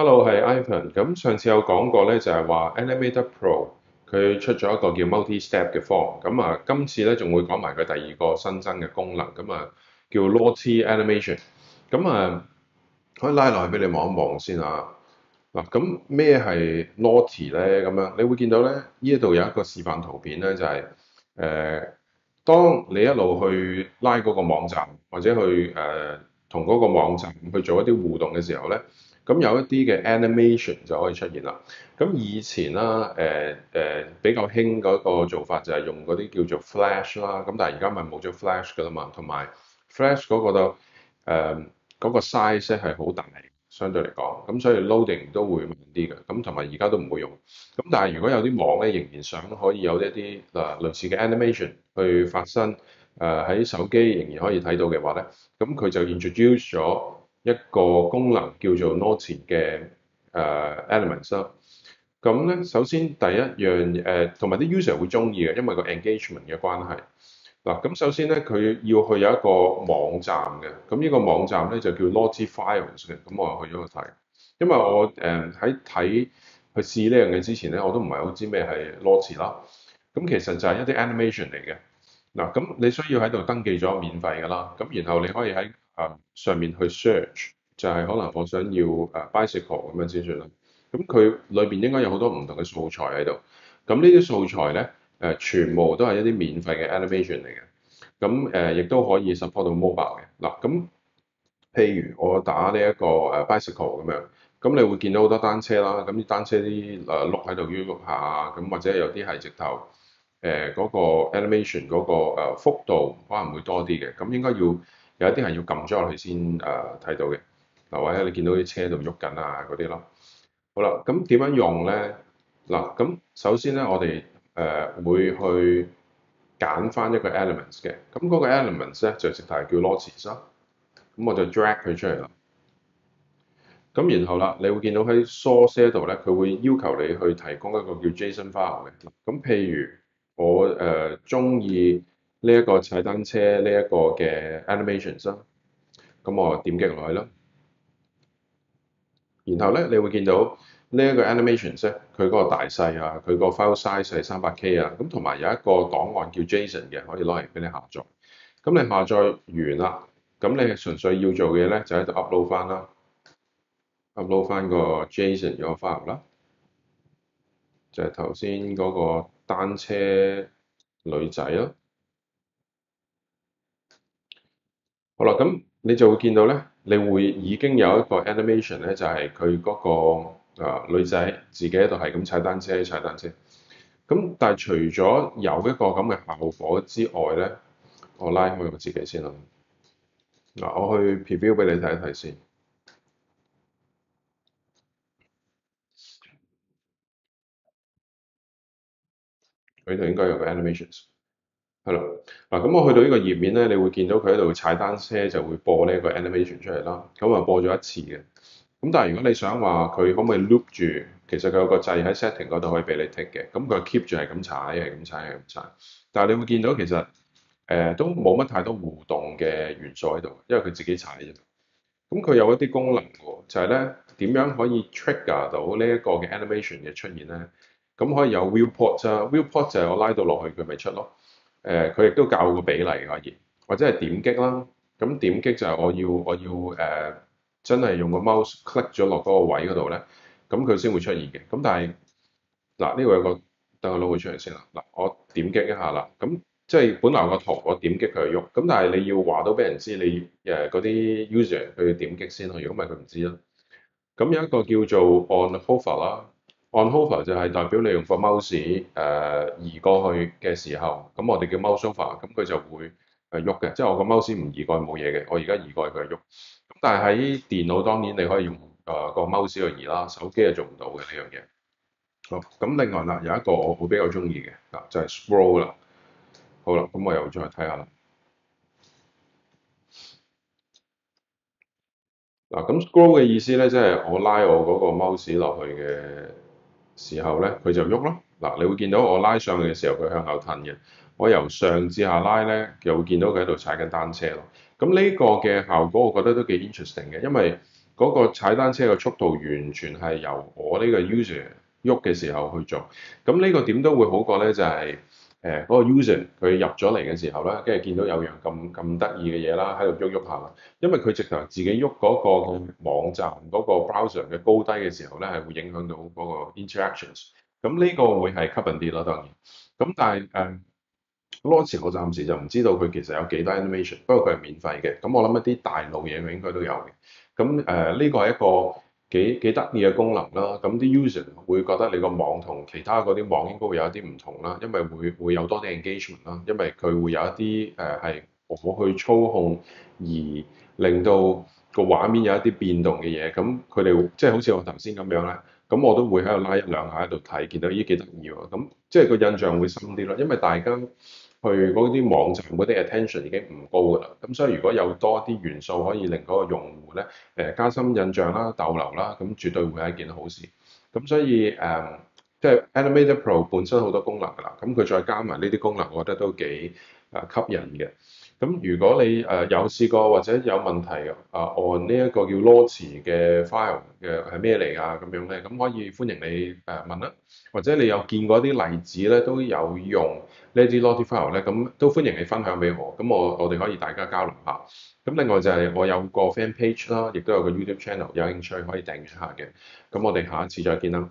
Hello，係 iPhone。咁上次有講過咧，就係話 Animated Pro 佢出咗一個叫 Multi Step 嘅 form 功能。咁啊，今次咧仲會講埋佢第二個新增嘅功能。咁啊，叫 Lottie Animation。咁啊，可以拉落去俾你望一望先啊。嗱，咁咩係 Lottie 咧？咁樣你會見到咧，呢一度有一個示範圖片咧，就係、是、誒、呃，當你一路去拉嗰個網站，或者去誒同嗰個網站去做一啲互動嘅時候咧。咁有一啲嘅 animation 就可以出現啦。咁以前啦、啊，誒、呃、誒、呃、比較興嗰個做法就係用嗰啲叫做 Flash 啦。咁但係而家咪冇咗 Flash 噶啦嘛。同埋 Flash 嗰個就嗰、呃嗰個 size 係好大，相對嚟講。咁所以 loading 都會慢啲嘅。咁同埋而家都唔會用。咁但係如果有啲網咧，仍然想可以有一啲嗱類似嘅 animation 去發生，誒、呃、喺手機仍然可以睇到嘅話咧，咁佢就 introduce 咗。一個功能叫做 Lottie 嘅誒 elements。咁咧，首先第一樣誒，同埋啲 user 會中意嘅，因為個 engagement 嘅關係。嗱，咁首先咧，佢要去有一個網站嘅，咁、這、呢個網站咧就叫 Lottie files 嘅。咁我又去咗去睇，因為我誒喺睇去試呢樣嘢之前咧，我都唔係好知咩係 Lottie 啦。咁、嗯、其實就係一啲 animation 嚟嘅。嗱，咁你需要喺度登記咗免費㗎啦。咁然後你可以喺啊！上面去 search 就係可能我想要誒 bicycle 咁樣先算啦。咁佢裏邊應該有好多唔同嘅素材喺度。咁呢啲素材咧誒，全部都係一啲免費嘅 animation 嚟嘅。咁誒，亦都可以 support 到 mobile 嘅嗱。咁譬如我打呢一個誒 bicycle 咁樣，咁你會見到好多單車啦。咁啲單車啲誒碌喺度喐下，咁或者有啲係直頭誒嗰個 animation 嗰個幅度可能會多啲嘅。咁應該要。有一啲係要撳咗落去先誒睇到嘅，嗱或者你見到啲車度喐緊啊嗰啲咯，好啦，咁點樣用咧？嗱，咁首先咧，我哋誒、呃、會去揀翻一個 elements 嘅，咁嗰個 elements 咧就直頭叫 Lottie 咯，咁我就 drag 佢出嚟啦。咁然後啦，你會見到喺 source 度咧，佢會要求你去提供一個叫 JSON file 嘅，咁譬如我誒中意，呃呢一個踩單車呢一個嘅 animations 啦，咁我點擊落去啦。然後咧，你會見到呢一個 animations 咧，佢嗰個大細啊，佢個 file size 係三百 k 啊。咁同埋有一個檔案叫 json 嘅，可以攞嚟俾你下載。咁你下載完啦，咁你純粹要做嘅嘢咧，就喺度 upload 翻啦，upload 翻個 json 嘅 file 啦，就係頭先嗰個單車女仔咯。好啦，咁你就會見到咧，你會已經有一個 animation 咧，那個，就係佢嗰個啊女仔自己喺度係咁踩單車踩單車。咁但係除咗有一個咁嘅效果之外咧，我拉開我自己先啦。嗱，嗯，我去 preview 俾你睇一睇先。佢度應該有個 animations。係啦，嗱咁、嗯、我去到呢個頁面咧，你會見到佢喺度踩單車就會播呢一個 animation 出嚟啦。咁啊播咗一次嘅，咁但係如果你想話佢可唔可以 loop 住，其實佢有個掣喺 setting 嗰度可以俾你 tick 嘅。咁佢 keep 住係咁踩嘅，咁踩嘅，咁踩。但係你會見到其實誒、呃、都冇乜太多互動嘅元素喺度，因為佢自己踩啫。咁佢有一啲功能㗎、啊，就係咧點樣可以 trigger 到呢一個嘅 animation 嘅出現咧？咁可以有 viewport 啊，viewport 就係我拉到落去佢咪出咯。誒佢亦都教個比例嘅可以，或者係點擊啦。咁點擊就係我要我要誒、呃、真係用個 mouse click 咗落嗰個位嗰度咧，咁佢先會出現嘅。咁但係嗱呢個有個等我攞佢出嚟先啦。嗱我點擊一下啦，咁即係本來個圖我點擊佢去喐。咁但係你要話到俾人知你誒嗰、呃、啲 user 去點擊先咯。如果唔係佢唔知啦。咁有一個叫做 on hover 啦。On hover 就係代表你用個 mouse 誒、uh, 移過去嘅時候，咁我哋叫 mouseover，咁佢就會誒喐嘅，即係我個 mouse 唔移過去冇嘢嘅，我而家移過去佢喐。咁但係喺電腦當然你可以用誒、uh, 個 mouse 去移啦，手機係做唔到嘅呢樣嘢。咁、這個、另外嗱有一個我會比較中意嘅嗱就係、是、scroll 啦。好啦，咁我又再睇下啦。嗱，咁 scroll 嘅意思咧，即、就、係、是、我拉我嗰個 mouse 落去嘅時候咧，佢就喐咯。嗱，你會見到我拉上去嘅時候，佢向後褪嘅。我由上至下拉咧，又會見到佢喺度踩緊單車咯。咁呢個嘅效果，我覺得都幾 interesting 嘅，因為嗰個踩單車嘅速度完全係由我呢個 user 喐嘅時候去做。咁呢個點都會好過咧，就係、是。誒嗰、嗯那個 user 佢入咗嚟嘅時候咧，跟住見到有樣咁咁得意嘅嘢啦，喺度喐喐下啦。因為佢直頭自己喐嗰個網站嗰、那個 browser 嘅高低嘅時候咧，係會影響到嗰個 interactions、嗯。咁、這、呢個會係吸引啲咯，當然。咁、嗯、但係誒，目前我暫時就唔知道佢其實有幾多 animation，不過佢係免費嘅。咁、嗯、我諗一啲大路嘢佢應該都有嘅。咁誒呢個係一個。幾幾得意嘅功能啦，咁啲 user 會覺得你個網同其他嗰啲網應該會有一啲唔同啦，因為會會有多啲 engagement 啦，因為佢會有一啲誒係我去操控而令到個畫面有一啲變動嘅嘢，咁佢哋即係好似我頭先咁樣咧，咁我都會喺度拉一兩下喺度睇，見到呢幾得意喎，咁即係個印象會深啲咯，因為大家去嗰啲網站嗰啲 attention 已經唔高㗎啦，咁所以如果有多啲元素可以令嗰個用戶咧誒加深印象啦、逗留啦，咁絕對會係一件好事。咁所以誒、嗯，即係 Animated Pro 本身好多功能㗎啦，咁佢再加埋呢啲功能，我覺得都幾誒吸引嘅。咁如果你誒有試過或者有問題啊按呢一個叫 Lottie 嘅 file 嘅係咩嚟啊咁樣咧，咁可以歡迎你誒、啊、問啊，或者你有見過啲例子咧都有用呢啲 Lottie file 咧，咁都歡迎你分享俾我，咁我我哋可以大家交流下。咁另外就係我有個 fan page 啦，亦都有個 YouTube channel，有興趣可以訂閱下嘅。咁我哋下一次再見啦。